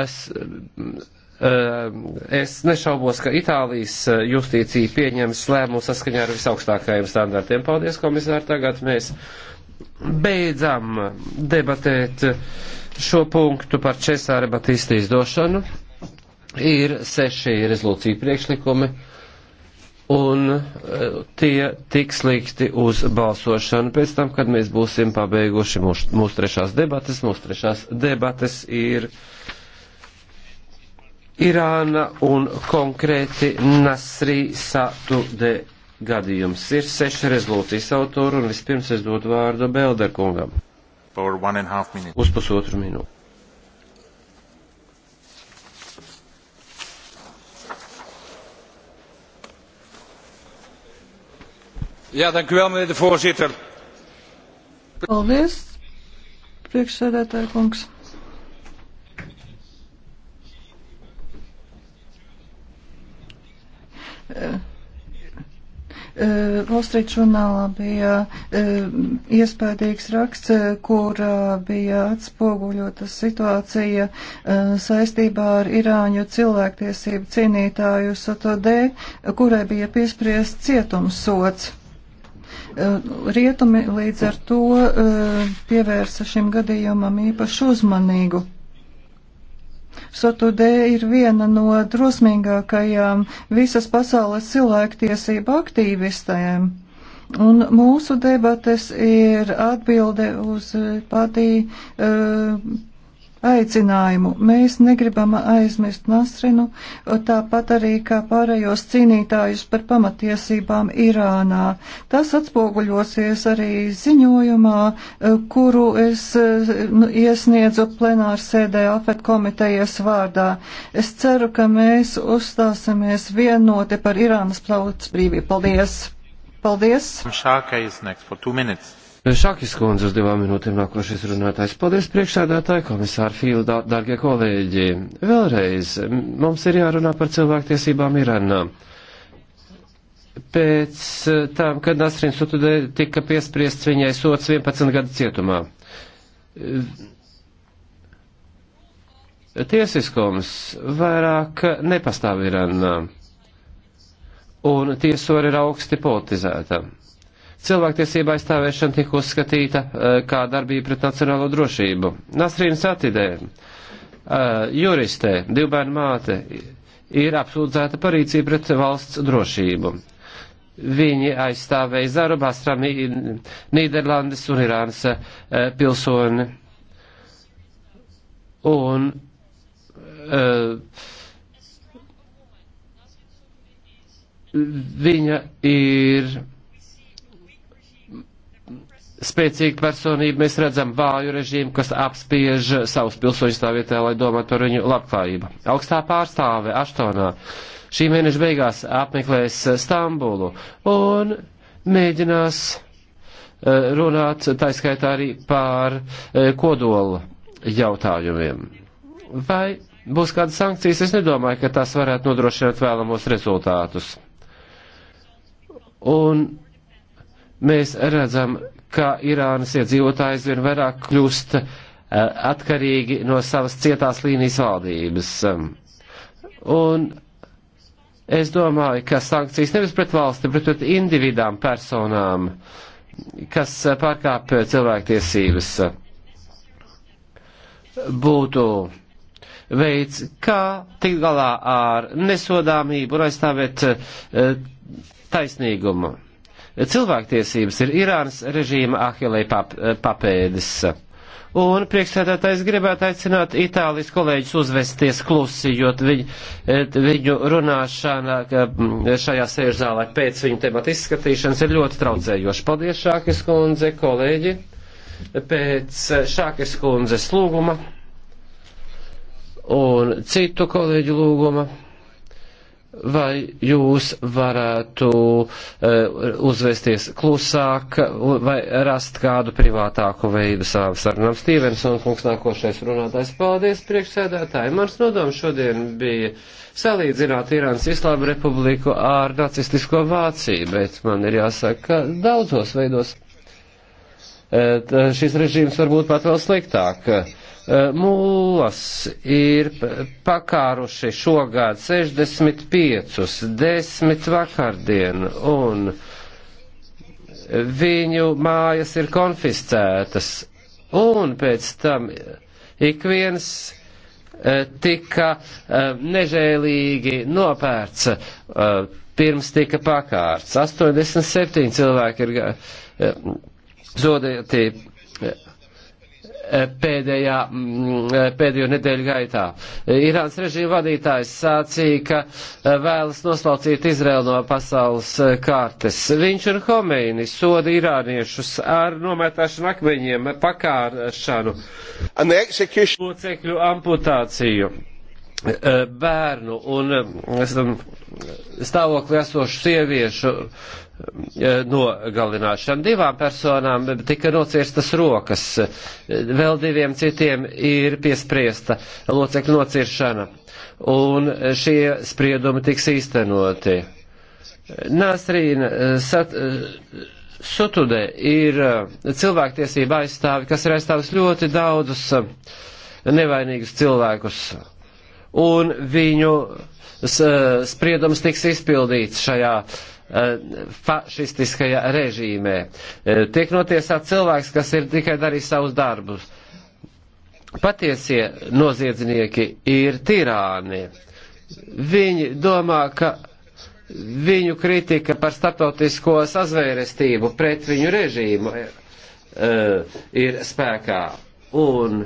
Es, eh, es nešaubos, ka Itālijas eh, justīcija pieņems lēmumu saskaņā ar visaugstākajiem standartiem. Paldies, komisār. Tagad mēs beidzam debatēt šo punktu par Česāra Batista izdošanu. Ir seši rezolūcija priekšlikumi un e, tie tiks likti uz balsošanu pēc tam, kad mēs būsim pabeiguši mūsu, mūsu trešās debates. Mūsu trešās debates ir Irāna un konkrēti Nasrī Satude gadījums. Ir seši rezolūcijas autori un vispirms es dodu vārdu Belderkungam. Uz pusotru minūti. Jā, dank vēl, meneer de voorzitter. Paldies, priekšsēdētāja kungs. Uh. Wall Street žurnālā bija eh, iespējams raksts, kur bija atspoguļota situācija saistībā ar Irāņu cilvēktiesību cīnītāju Satodē, kurai bija piespriezt cietumsots. Eh, rietumi līdz ar to eh, pievērsa šim gadījumam īpašu uzmanīgu. Sotudē ir viena no drosmīgākajām visas pasaules cilvēktiesību aktīvistēm. Un mūsu debates ir atbilde uz eh, patī uh, aicinājumu. Mēs negribam aizmirst Nasrinu, tāpat arī kā pārējos cīnītājus par pamatiesībām Irānā. Tas atspoguļosies arī ziņojumā, eh, kuru es eh, nu, iesniedzu plenārsēdē AFET komitejas vārdā. Es ceru, ka mēs uzstāsimies vienoti par Irānas plaucas brīvību. Paldies! Paldies! Šākais next for two minutes. Šakis kundze uz divām minūtēm nākošais runātājs. Paldies priekšsēdētāji, komisāri Fīlu, dārgie kolēģi. Vēlreiz, mums ir jārunā par cilvēktiesībām Irānā pēc eh, tam, kad Nasrins Sutudē tika piespriests viņai sots 11 gadu cietumā. Eh, tiesiskums vairāk nepastāv Iranā, un tiesori ir augsti politizēta cilvēktiesība aizstāvēšana tika uzskatīta eh, kā darbība pret nacionālo drošību. Nasrīna Satidē, eh, juristē, divbērnu māte, ir apsūdzēta par rīcību pret valsts drošību. Viņi aizstāvēja Zaru Bastram, Nīderlandes un Irānas eh, pilsoni. Un, uh, viņa ir spēcīgu personību, mēs redzam vāju režīmu, kas apspiež savus pilsoņus tā vietā, lai domātu par viņu labklājību. Augstā pārstāve Aštonā šī mēneša beigās apmeklēs Stambulu un mēģinās eh, runāt taiskaitā arī pār eh, kodola jautājumiem. Vai būs kādas sankcijas? Es nedomāju, ka tās varētu nodrošināt vēlamos rezultātus. Un mēs redzam ka Irānas iedzīvotāji aizvien vairāk kļūst eh, atkarīgi no savas cietās līnijas valdības. Un es domāju, ka sankcijas nevis pret valsti, bet pret individām personām, kas eh, pārkāp cilvēktiesības, būtu veids, kā tikt galā ar nesodāmību un aizstāvēt eh, taisnīgumu. Cilvēktiesības ir Irānas režīma ahilei pap, papēdis. Un priekšsēdētājs gribētu aicināt Itālijas kolēģis uzvesties klusi, jo viņu, eh, viņu runāšana šajā sēžzālē pēc viņu temata izskatīšanas ir ļoti traucējoša. Paldies, Šākis kundze, kolēģi, pēc eh, Šākis kundzes lūguma un citu kolēģu lūguma vai jūs varētu uh, uzvesties klusāk vai rast kādu privātāku veidu savām sarunām. Stīvens un kungs nākošais runātājs. Paldies, priekšsēdētāji. Mans nodoms šodien bija salīdzināt Irānas Islāma republiku ar nacistisko Vāciju, bet man ir jāsaka, ka daudzos veidos uh, šis režīms varbūt pat vēl sliktāk. Uh, Eh, Mūlas ir pakāruši šogad 65, 10 vakardien, un viņu mājas ir konfiscētas, un pēc tam ik viens eh, tika eh, nežēlīgi nopērts, pirms tika pakārts. 87 cilvēki ir zodēti pēdējā, mm, pēdējo nedēļu gaitā. Irāns režīma vadītājs sācīja, ka e, vēlas noslaucīt Izraelu no pasaules e, kārtas. Viņš un Homeini soda irāniešus ar nometāšanu akmeņiem, pakāršanu, locekļu amputāciju. Eh, bērnu un eh, stāvokli esošu sieviešu eh, nogalināšanu. Divām personām tika nocirstas rokas, vēl diviem citiem ir piespriesta locekļu nociršana, un šie spriedumi tiks īstenoti. Nāstrīna sat, Sutude ir cilvēktiesība aizstāvi, kas ir aizstāvis ļoti daudzus nevainīgus cilvēkus un viņu eh, spriedums tiks izpildīts šajā eh, fašistiskajā režīmē. Eh, tiek notiesāts cilvēks, kas ir tikai darījis savus darbus. Patiesie noziedznieki ir tirāni. Viņi domā, ka viņu kritika par starptautisko sazvērestību pret viņu režīmu ir spēkā. Un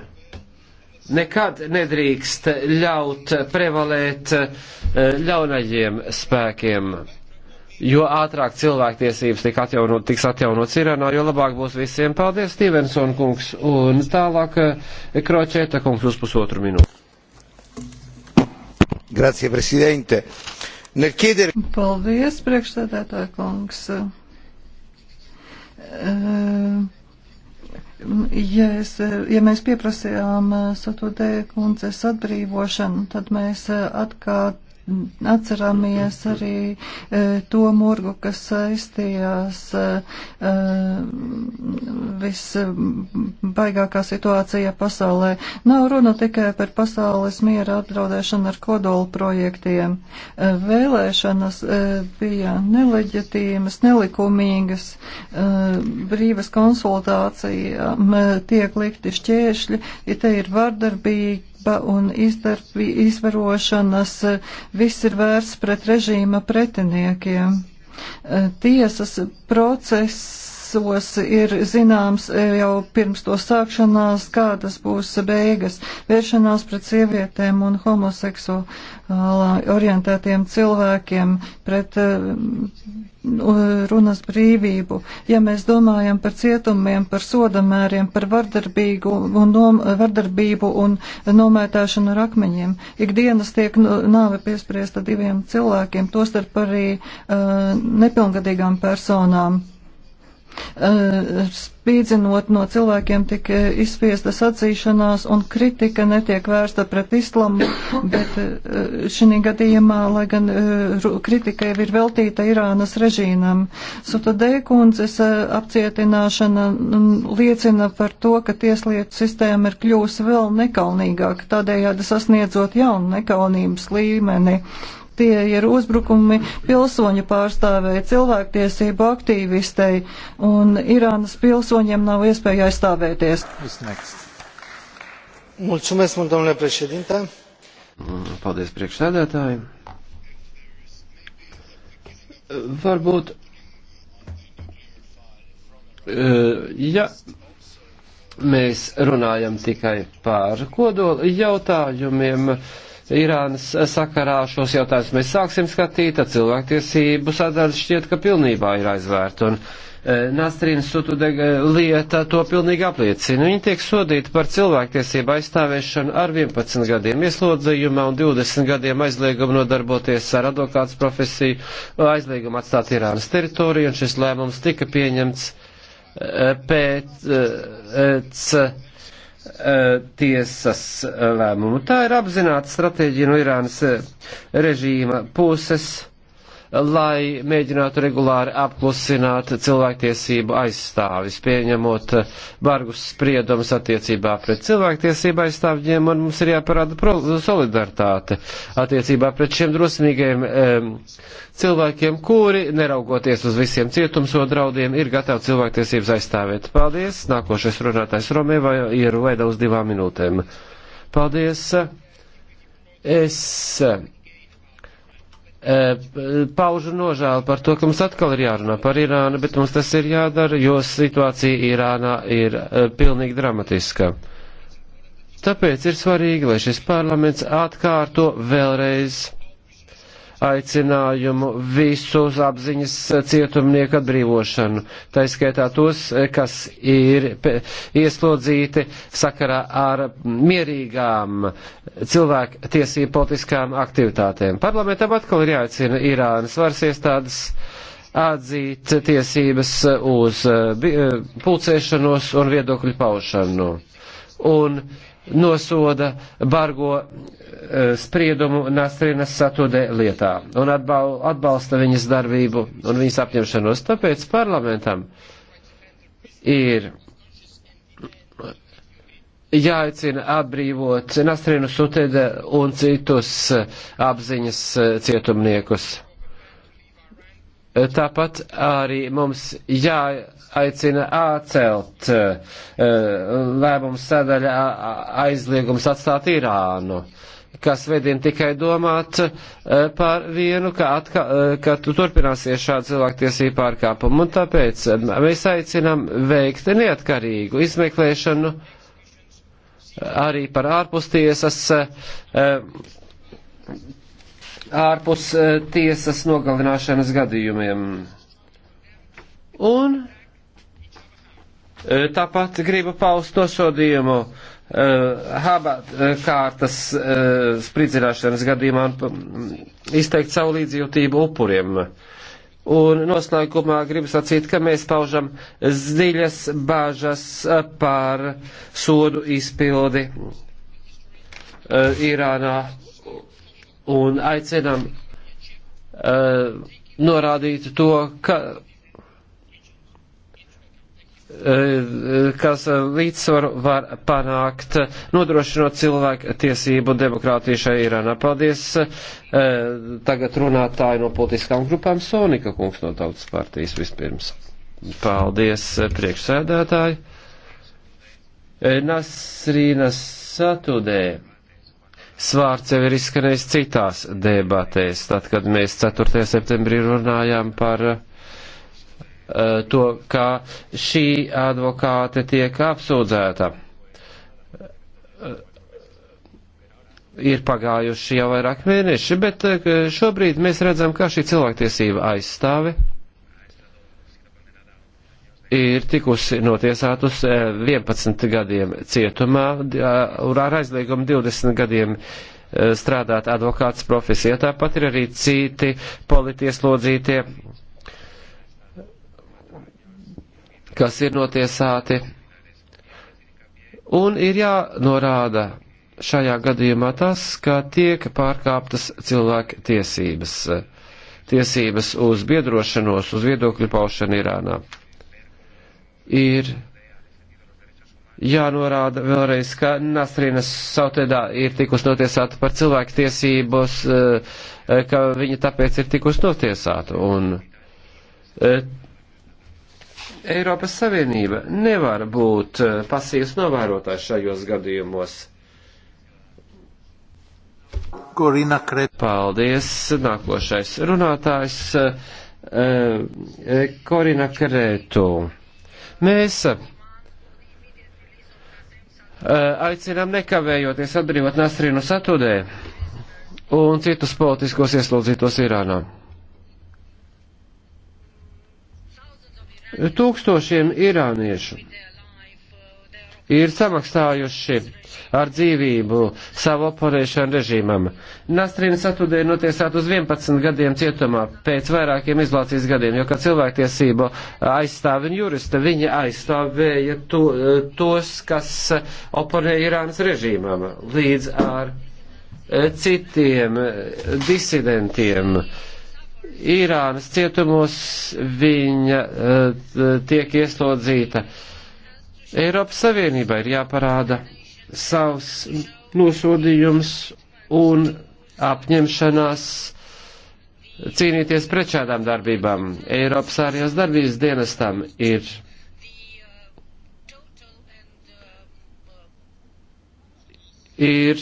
nekad nedrīkst ļaut prevalēt eh, ļaunajiem spēkiem. Jo ātrāk cilvēktiesības tiks atjaunot, tiks atjaunot Irānā, jo labāk būs visiem. Paldies, Stevenson kungs. Un tālāk eh, Kročēta kungs uz pusotru minūtu. Grazie, prezidente. Nerkieder... Paldies, priekšstādētāja kungs. Uh Ja, es, ja mēs pieprasījām eh, Satudē kundzes atbrīvošanu, tad mēs eh, atkāt atceramies arī e, to murgu, kas saistījās e, e, visbaigākā situācija pasaulē. Nav runa tikai par pasaules miera apdraudēšanu ar kodolu projektiem. Vēlēšanas bija neleģitīmas, nelikumīgas, brīvas konsultācijām tiek likti šķēršļi, ja te ir vardarbīgi un izdarbi, izvarošanas Viss ir vērsts pret režīma pretiniekiem. Tiesas process procesos ir zināms e, jau pirms to sākšanās, kādas būs beigas. Vēršanās pret sievietēm un homoseksuāli orientētiem cilvēkiem, pret e, runas brīvību. Ja mēs domājam par cietumiem, par sodamēriem, par vardarbīgu un nom, vardarbību un nomētāšanu ar akmeņiem, ikdienas tiek nu, nāve piespriesta diviem cilvēkiem, tostarp arī uh, nepilngadīgām personām. Eh, spīdzinot no cilvēkiem tik eh, izspiestas atzīšanās un kritika netiek vērsta pret islamu, bet eh, šī gadījumā, lai gan kritika jau ir veltīta Irānas režīmam, Sutadē kundzes apcietināšana mm, liecina par to, ka tieslietu sistēma ir kļūst vēl nekalnīgāka, tādējādi sasniedzot jaunu nekaunības līmeni. Uh, tie ir uzbrukumi pilsoņu pārstāvēji, cilvēktiesību aktīvistei, un Irānas pilsoņiem nav iespēja aizstāvēties. Mulțumesc mult, domnule președinte. Paldies priekšsēdētāji. Varbūt, eh, ja mēs runājam tikai par kodola jautājumiem, uh, Irānas sakarā šos jautājumus mēs sāksim skatīt, tad cilvēktiesību sadaļa šķiet, ka pilnībā ir aizvērta. Un, e, Nastrīna Sutudega lieta to pilnīgi apliecina. Viņa tiek sodīta par cilvēktiesību aizstāvēšanu ar 11 gadiem ieslodzījumā un 20 gadiem aizliegumu nodarboties ar advokāts profesiju, aizliegumu atstāt Irānas teritoriju, un šis lēmums tika pieņemts e, pēc. pēc e, Eh, tiesas lēmumu. Tā ir apzināta stratēģija no Irānas eh, režīma puses lai mēģinātu regulāri apklusināt cilvēktiesību aizstāvis, pieņemot bargus spriedumus attiecībā pret cilvēktiesību aizstāvjiem, un mums ir jāparāda solidaritāte attiecībā pret šiem drosmīgiem um, cilvēkiem, kuri, neraugoties uz visiem cietumsodraudiem, ir gatavi cilvēktiesības aizstāvēt. Paldies! Nākošais runātājs Romēva ir vaida uz divām minūtēm. Paldies! Es E, paužu nožēlu par to, ka mums atkal ir jārunā par Irānu, bet mums tas ir jādara, jo situācija Irānā ir e, pilnīgi dramatiska. Tāpēc ir svarīgi, lai šis parlaments atkārto vēlreiz aicinājumu visus apziņas cietumnieku atbrīvošanu, tā skaitā tos, kas ir ieslodzīti sakarā ar mierīgām cilvēku tiesību politiskām aktivitātēm. Parlamentam atkal ir jāicina Irānas varas iestādes atzīt tiesības uz eh, eh, pulcēšanos un viedokļu paušanu. Un nosoda bargo e, spriedumu Nastrinas satudē lietā un atbalsta viņas darbību un viņas apņemšanos. Tāpēc parlamentam ir jāicina atbrīvot Nastrinu Sutede un citus e, apziņas e, cietumniekus. Tāpat arī mums jāaicina atcelt eh, lēmums sadaļa aizliegums atstāt Irānu kas vedina tikai domāt eh, par vienu, ka, atka, eh, ka tu turpināsies šādu cilvēktiesību pārkāpumu. Un tāpēc mēs aicinām veikt neatkarīgu izmeklēšanu arī par ārpustiesas ārpus e, tiesas nogalināšanas gadījumiem. Un e, tāpat gribu paust nosodījumu e, Habat kārtas spridzināšanas gadījumā un izteikt savu līdzjūtību upuriem. Un noslēgumā gribu sacīt, ka mēs paužam dziļas bāžas par sodu izpildi Irānā un aicinam uh, eh, norādīt to, ka eh, kas līdzsvaru var panākt, nodrošinot cilvēku tiesību un demokrātiju šai Irānā. Paldies eh, tagad runātāju no politiskām grupām Sonika kungs no Tautas partijas vispirms. Paldies priekšsēdētāji. Nasrīna Satudē svārds jau ir izskanējis citās debatēs, tad, kad mēs 4. septembrī runājām par uh, to, kā šī advokāte tiek apsūdzēta. Uh, ir pagājuši jau vairāk mēneši, bet uh, šobrīd mēs redzam, kā šī cilvēktiesība aizstāve ir tikusi notiesāt uz 11 eh, gadiem cietumā un ar aizliegumu 20 gadiem eh, strādāt advokāts profesijā. Tāpat ir arī citi politieslodzītie, kas ir notiesāti. Un ir jānorāda šajā gadījumā tas, ka tiek pārkāptas cilvēku tiesības. Tiesības uz biedrošanos, uz viedokļu paušanu Irānā ir jānorāda vēlreiz, ka Nasrīnas sautedā ir tikusi notiesāta par cilvēktiesības, eh, ka viņa tāpēc ir tikusi notiesāta. Un eh, Eiropas Savienība nevar būt eh, pasīvs novērotājs šajos gadījumos. Korina Kret. Paldies. Nākošais runātājs Korina Kretu. Mēs uh, aicinām nekavējoties atbrīvot Nasrinu Satudē un citus politiskos ieslodzītos Irānā. Tūkstošiem irāniešu ir samaksājuši ar dzīvību savu oponēšanu režīmam. Nastrīna Satudē notiesāta uz 11 gadiem cietumā pēc vairākiem izlācijas gadiem, jo kā cilvēktiesību aizstāvi un jurista, viņa aizstāvēja to, tos, kas oponē Irānas režīmam līdz ar eh, citiem disidentiem. Irānas cietumos viņa eh, tiek ieslodzīta uh, Eiropas Savienībā ir jāparāda savs nosodījums un apņemšanās cīnīties pret šādām darbībām. Eiropas ārējās darbības dienestam ir ir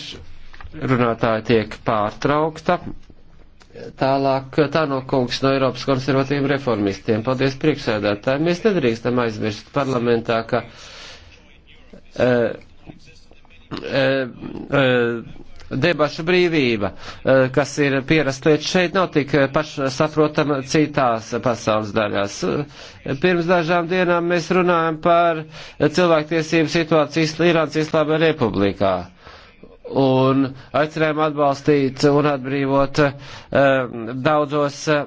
runātāja tiek pārtraukta. Tālāk tā no kungs no Eiropas konservatīviem reformistiem. Paldies priekšsēdētājiem. Mēs nedrīkstam aizmirst parlamentā, ka Eh, eh, eh, debašu brīvība, kas ir pierasta lieta šeit, nav tik pašsaprotama citās pasaules daļās. Pirms dažām dienām mēs runājam par cilvēktiesību situāciju Irānas Islāma republikā un aicinājām atbalstīt un atbrīvot um, daudzos uh,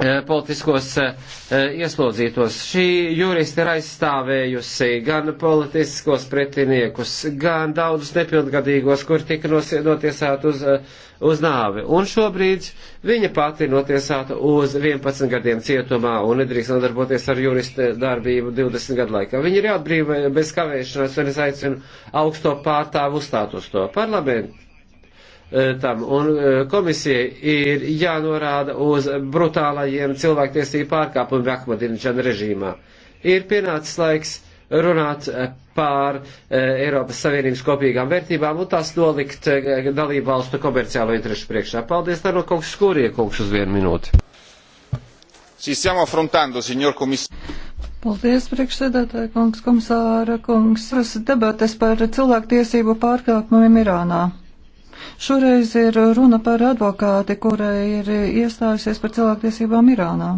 Eh, politiskos eh, eh, ieslodzītos. Šī jurista ir aizstāvējusi gan politiskos pretiniekus, gan daudzus nepilngadīgos, kur tika notiesāti uz, uz nāvi. Un šobrīd viņa pati ir notiesāta uz 11 gadiem cietumā un nedrīkst nodarboties ar jurista darbību 20 gadu laikā. Viņa ir jāatbrīva bez kavēšanās, un es aicinu augsto pārtāvu uzstāt uz to parlamentu E, tam. Un e, komisija ir jānorāda uz brutālajiem cilvēktiesību pārkāpumiem Ahmadinečana režīmā. Ir pienācis laiks runāt e, pār Eiropas Savienības kopīgām vērtībām un tās nolikt dalību valstu komerciālo interešu priekšā. Paldies, Tarno kungs, skurie kungs uz vienu minūti. Paldies, priekšsēdētāji kungs, komisāra kungs. Debates par cilvēktiesību pārkāpumiem Irānā. Šoreiz ir runa par advokāti, kurai ir iestājusies par cilvēktiesībām Irānā.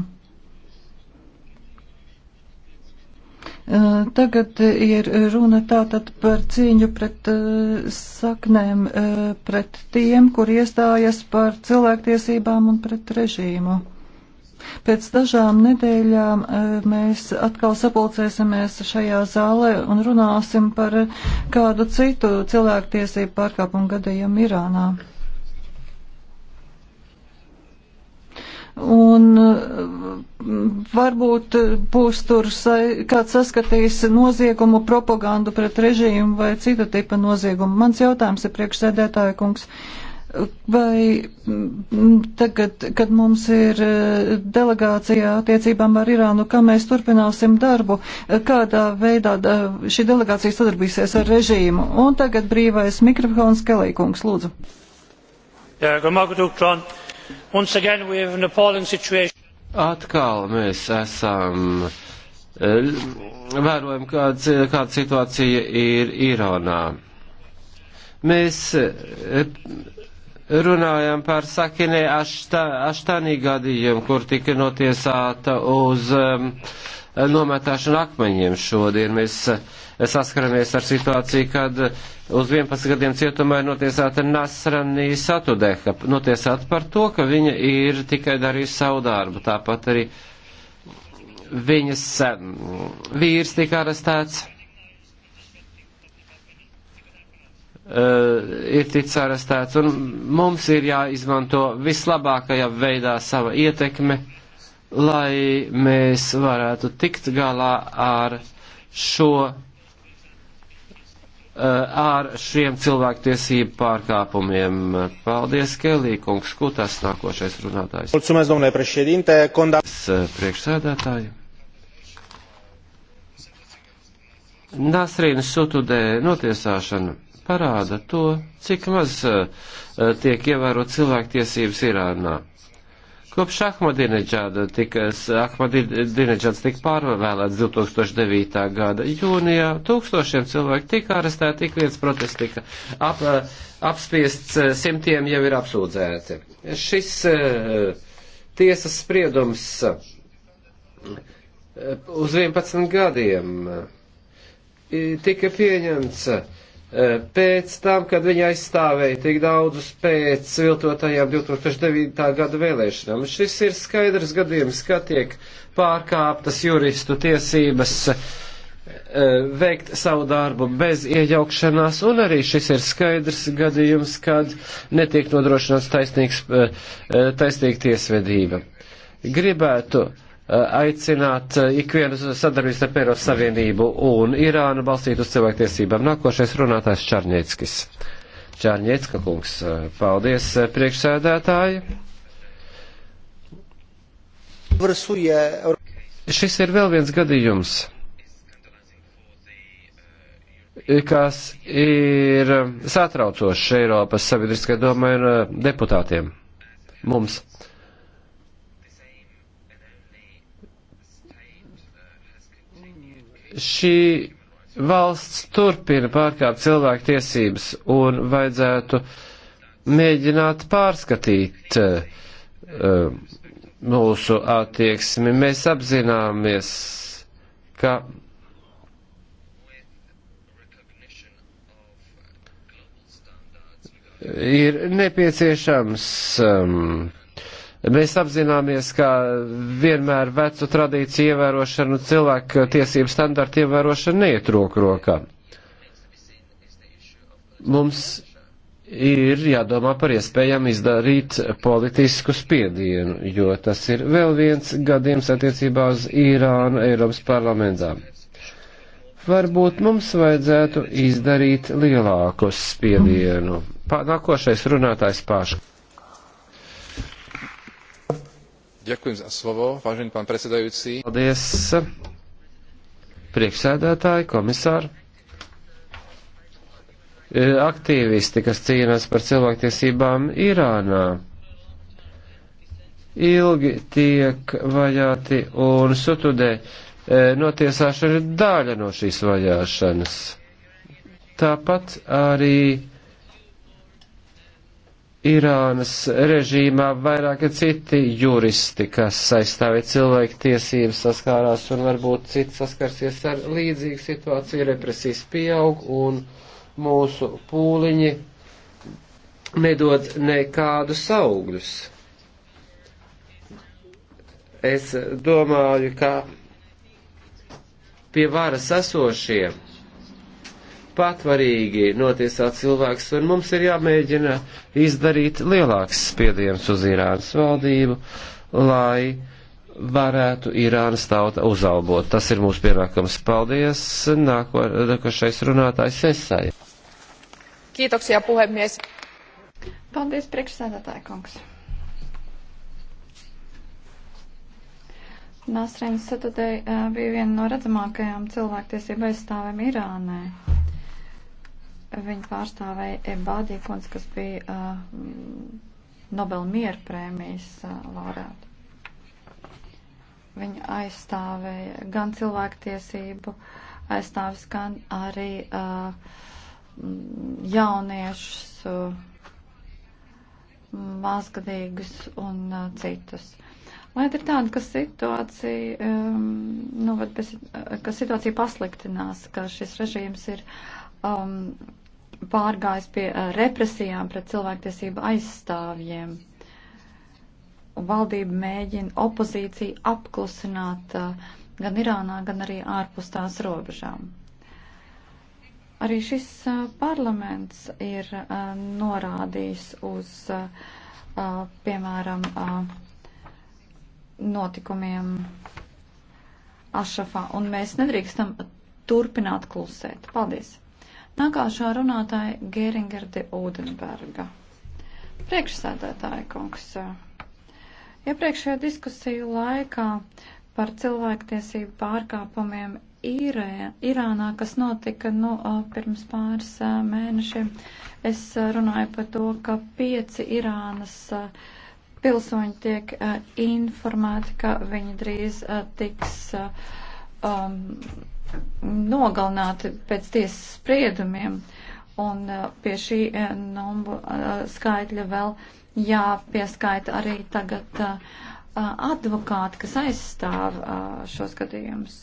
Eh, tagad ir runa tātad par cīņu pret eh, saknēm, eh, pret tiem, kur iestājas par cilvēktiesībām un pret režīmu. Pēc dažām nedēļām eh, mēs atkal sapulcēsimies šajā zālē un runāsim par eh, kādu citu cilvēktiesību pārkāpumu gadījumu Irānā. Un eh, varbūt būs tur kāds saskatījis noziegumu propagandu pret režīmu vai cita tipa noziegumu. Mans jautājums ir priekšsēdētāja kungs. Uh, Vai mm, tagad, kad mums ir eh, delegācijā attiecībām ar Irānu, kā mēs turpināsim darbu, kādā veidā šī delegācija sadarbīsies ar režīmu? Un tagad brīvais mikrofons Kelīkungs, lūdzu. Atkal mēs esam eh, vērojam, kāda, kāda situācija ir Irānā. Mēs eh, runājam par Sakinē aštā, aštānī gadījumu, kur tika notiesāta uz um, nometāšanu akmeņiem šodien. Mēs eh, saskaramies ar situāciju, kad eh, uz 11 gadiem cietumā ir notiesāta Nasranī Satudeha, notiesāta par to, ka viņa ir tikai darījusi savu darbu. Tāpat arī viņas um, vīrs tika arestēts Eh, ir tic arestēts, un mums ir jāizmanto vislabākajā veidā sava ietekme, lai mēs varētu tikt galā ar šo, eh, ar šiem cilvēktiesību pārkāpumiem. Paldies, Kelī, kungs, kutas nākošais runātājs. Mulțumesc, domnule președinte, condam... Eh, priekšsēdētāji. Nasrīnas sutudē notiesāšana parāda to, cik maz uh, tiek ievērot cilvēktiesības Irānā. Kopš Ahmadineģāda tika, Ahmadineģāds tika pārvēlēts 2009. gada jūnijā, tūkstošiem cilvēku tika arestēti, tik viens protests tika ap, eh, apspiests, simtiem jau ir apsūdzēti. Šis tiesas spriedums uz 11 gadiem tika pieņemts Eh, pēc tam, kad viņa aizstāvēja tik daudzus pēc viltotajām 2009. gada vēlēšanām, šis ir skaidrs gadījums, ka tiek pārkāptas juristu tiesības eh, veikt savu darbu bez iejaukšanās, un arī šis ir skaidrs gadījums, kad netiek nodrošināts taisnīgs, eh, taisnīga tiesvedība. Gribētu uh, Eh, aicināt eh, ikvienu sadarbības ar Eiropas Savienību un Irānu balstīt uz cilvēktiesībām. Nākošais runātājs Čarņieckis. Čarņiecka kungs, eh, paldies priekšsēdētāji. Šis ir vēl viens gadījums, kas ir satraucošs Eiropas sabiedriskai domai un deputātiem. Mums. šī valsts turpina pārkāpt cilvēku tiesības un vajadzētu mēģināt pārskatīt uh, mūsu attieksmi. Mēs apzināmies, ka ir nepieciešams um, Mēs apzināmies, ka vienmēr vecu tradīciju ievērošana un cilvēku tiesību standartu ievērošana neiet roku rokā. Mums ir jādomā par iespējām izdarīt politisku spiedienu, jo tas ir vēl viens gadījums attiecībā uz Irānu Eiropas parlamentā. Varbūt mums vajadzētu izdarīt lielāku spiedienu. Nākošais runātājs pašu. Paldies, priekšsēdētāji, komisāri. E, aktīvisti, kas cīnās par cilvēktiesībām Irānā, ilgi tiek vajāti un sutudē e, notiesāšana ir daļa no šīs vajāšanas. Tāpat arī Irānas režīmā vairāki citi juristi, kas aizstāvja cilvēku tiesības, saskārās un varbūt citi saskarsies ar līdzīgu situāciju, represijas pieaug un mūsu pūliņi nedod nekādus augļus. Es domāju, ka pie varas esošie patvarīgi notiesāt cilvēks, un mums ir jāmēģina izdarīt lielāks spiediens uz Irānas valdību, lai varētu Irānas tauta uzalbot. Tas ir mūsu pienākums. Paldies, nākošais runātājs Esai. Kiitoksia puhemies. Paldies, priekšsēdētāja kungs. Nasrīns Satudei eh, bija viena no redzamākajām cilvēktiesību aizstāvēm Irānai. Viņa pārstāvēja Ebādī kundze, kas bija uh, Nobel miera prēmijas uh, laurēta. Viņa aizstāvēja gan cilvēktiesību, aizstāvis gan arī uh, jauniešus, uh, mazgadīgus un uh, citus. Lai ir tāda, ka situācija, um, nu, bet, kas situācija pasliktinās, ka šis režīms ir. Um, pārgājis pie eh, represijām pret cilvēktiesību aizstāvjiem. Valdība mēģina opozīciju apklusināt eh, gan Irānā, gan arī ārpus tās robežām. Arī šis eh, parlaments ir norādījis uz, piemēram, notikumiem Ašafā, un mēs nedrīkstam turpināt klusēt. Paldies! Nākāšā runātāja Geringer de Ūdenberga. Priekšsēdētāja kungs. Iepriekšējā ja diskusiju laikā par cilvēktiesību pārkāpumiem Īrē, Irānā, kas notika nu, pirms pāris mēnešiem, es runāju par to, ka pieci Irānas pilsoņi tiek informēti, ka viņi drīz tiks. Um, nogalināti pēc tiesas spriedumiem. Un uh, pie šī uh, numbu uh, skaitļa vēl jāpieskaita arī tagad advokāti, kas aizstāv šos gadījumus.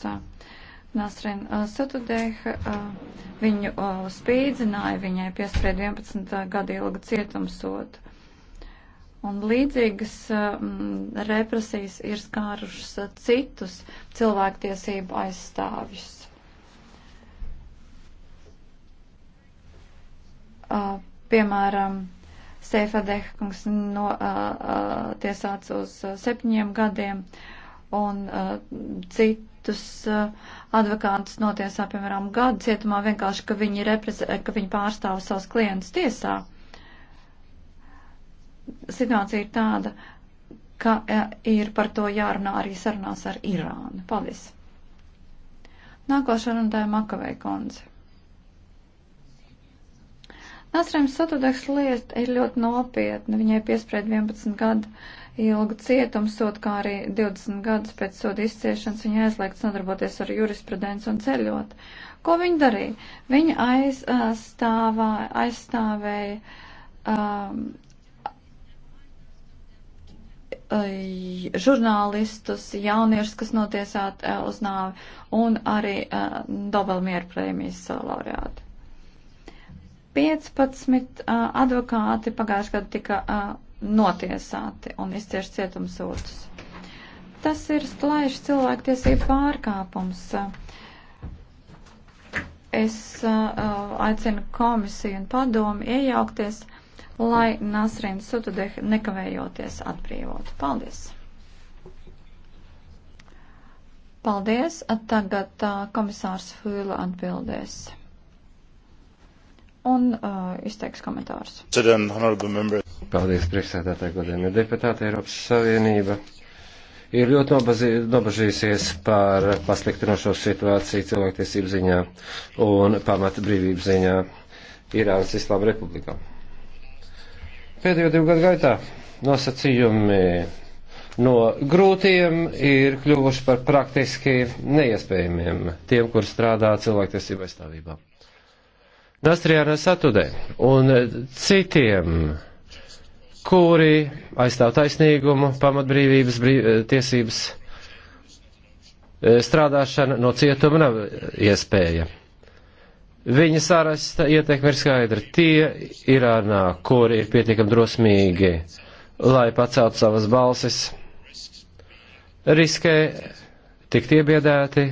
Nasrin Satudeha viņu spīdzināja, viņai piespried 11 gadu ilgu cietumsodu. Un līdzīgas represijas ir skārušas citus cilvēktiesību aizstāvjus. Uh, piemēram, Seifadehkungs notiesāts uh, uh, uz uh, septiņiem gadiem un uh, citus uh, advokātus notiesā, piemēram, gadu cietumā vienkārši, ka viņi, ka viņi pārstāv savus klientus tiesā. Situācija ir tāda, ka uh, ir par to jārunā arī sarunās ar Irānu. Paldies! Nākošā runātāja Makavei Konze. Nasrēms Satudeks lieta ir ļoti nopietna. Viņai piespried 11 gadu ilgu cietumsodu, kā arī 20 gadus pēc soda izciešanas viņa aizliegts nodarboties ar jurisprudenci un ceļot. Ko viņa darīja? Viņa aizstāvā, aizstāvēja um, žurnālistus, jauniešus, kas notiesāti uh, eh, uz nāvi, un arī uh, eh, Dobelmieru prēmijas laureāti. 15 uh, advokāti pagājušajā gadā tika uh, notiesāti un izcieš cietumsūtus. Tas ir sklaišs cilvēktiesību pārkāpums. Es uh, aicinu komisiju un padomu iejaukties, lai Nasrin Sutudeh nekavējoties atbrīvotu. Paldies! Paldies! Tagad uh, komisārs Fūla atbildēs un uh, izteiks komentārus. Paldies, priekšsēdētāji, godējumie deputāti Eiropas Savienība. Ir ļoti nobazī, nobažījusies par pasliktinošo situāciju cilvēktiesību ziņā un pamata brīvību ziņā Irānas Islāma Republikā. Pēdējo divu gadu gaitā nosacījumi no grūtiem ir kļuvuši par praktiski neiespējamiem tiem, kur strādā cilvēktiesību aizstāvībām. Nasrijāna Satudē un e, citiem, kuri aizstāv taisnīgumu, pamatbrīvības, brīv, e, tiesības, e, strādāšana no cietuma nav iespēja. Viņa sārasta ietekme ir skaidra. Tie Irānā, kuri ir pietiekami drosmīgi, lai paceltu savas balsis, riskē tikt iebiedēti,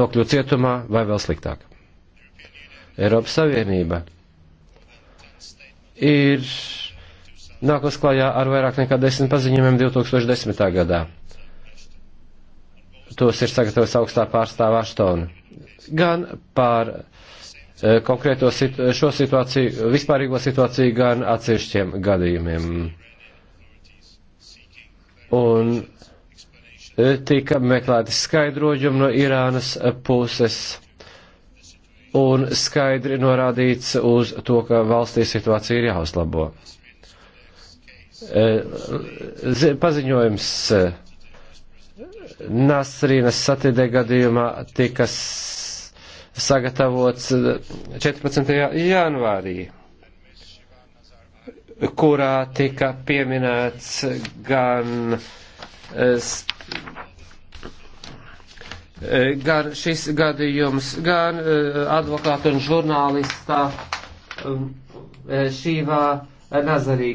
nokļūt cietumā vai vēl sliktāk. Eiropas Savienība ir nākos klajā ar vairāk nekā desmit paziņojumiem 2010. gadā. Tos ir sagatavojis augstā pārstāvā Aštona. Gan par e, konkrēto situ, šo situāciju, vispārīgo situāciju, gan atsevišķiem gadījumiem. Un e, tika meklēti skaidrojumi no Irānas puses un skaidri norādīts uz to, ka valstī situācija ir jāuzlabo. Eh, paziņojums eh, Nasrīnas satidē gadījumā tika sagatavots 14. Eh, janvārī, kurā tika pieminēts gan E, gan šis gadījums, gan e, advokāta un žurnālista um, e, šīvā Nazarī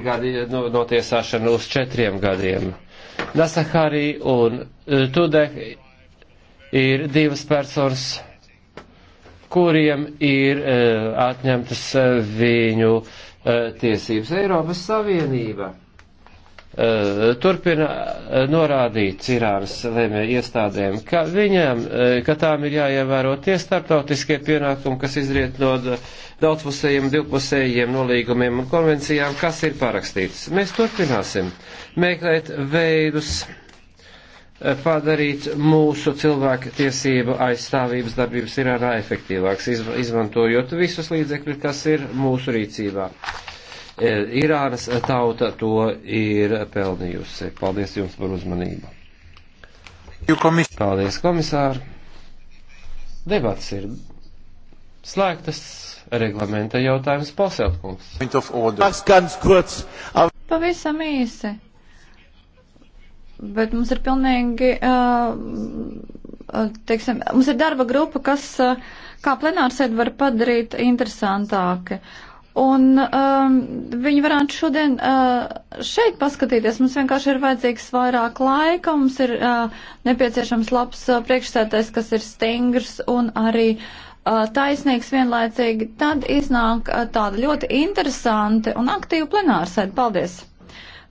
nu, notiesāšana uz četriem gadiem. Nasahari un Tudek ir divas personas kuriem ir uh, atņemtas uh, viņu uh, tiesības. Eiropas Savienība Eh, turpina eh, norādīt Irānas lēmēju iestādēm, ka viņām, eh, ka tām ir jāievēro tie starptautiskie pienākumi, kas izriet no daudzpusējiem, divpusējiem nolīgumiem un konvencijām, kas ir parakstītas. Mēs turpināsim meklēt veidus padarīt mūsu cilvēku tiesību aizstāvības darbības Irānā efektīvāks, izmantojot visus līdzekļus, kas ir mūsu rīcībā. E, Irānas tauta to ir pelnījusi. Paldies jums par uzmanību. Paldies, komisār. Debats ir slēgtas. Reglamenta jautājums Paseltkungs. Pavisam īsi. Bet mums ir pilnīgi, uh, teiksim, mums ir darba grupa, kas, uh, kā plenārsēd var padarīt interesantāki. Uh, Un um, viņi varētu šodien uh, šeit paskatīties. Mums vienkārši ir vajadzīgs vairāk laika, mums ir uh, nepieciešams labs uh, priekšsētais, kas ir stingrs un arī uh, taisnīgs vienlaicīgi. Tad iznāk uh, tāda ļoti interesanta un aktīva plenārsēde. Paldies!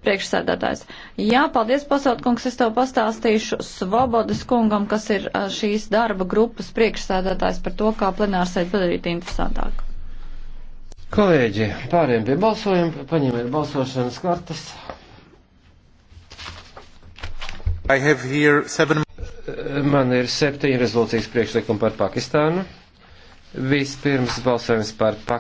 Priekšsēdētājs. Jā, paldies, pasautkungs, es tev pastāstīšu Svobodas kungam, kas ir uh, šīs darba grupas priekšsēdētājs par to, kā plenārsēdi padarīt interesantāku. Kolēģi, pāriem pie balsojuma, paņemiet balsošanas kartas. Seven... Man ir septiņi rezolūcijas priekšlikumi par Pakistānu. Vispirms balsojums par Pakistānu.